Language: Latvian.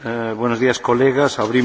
Eh, buenos días, kolēģis.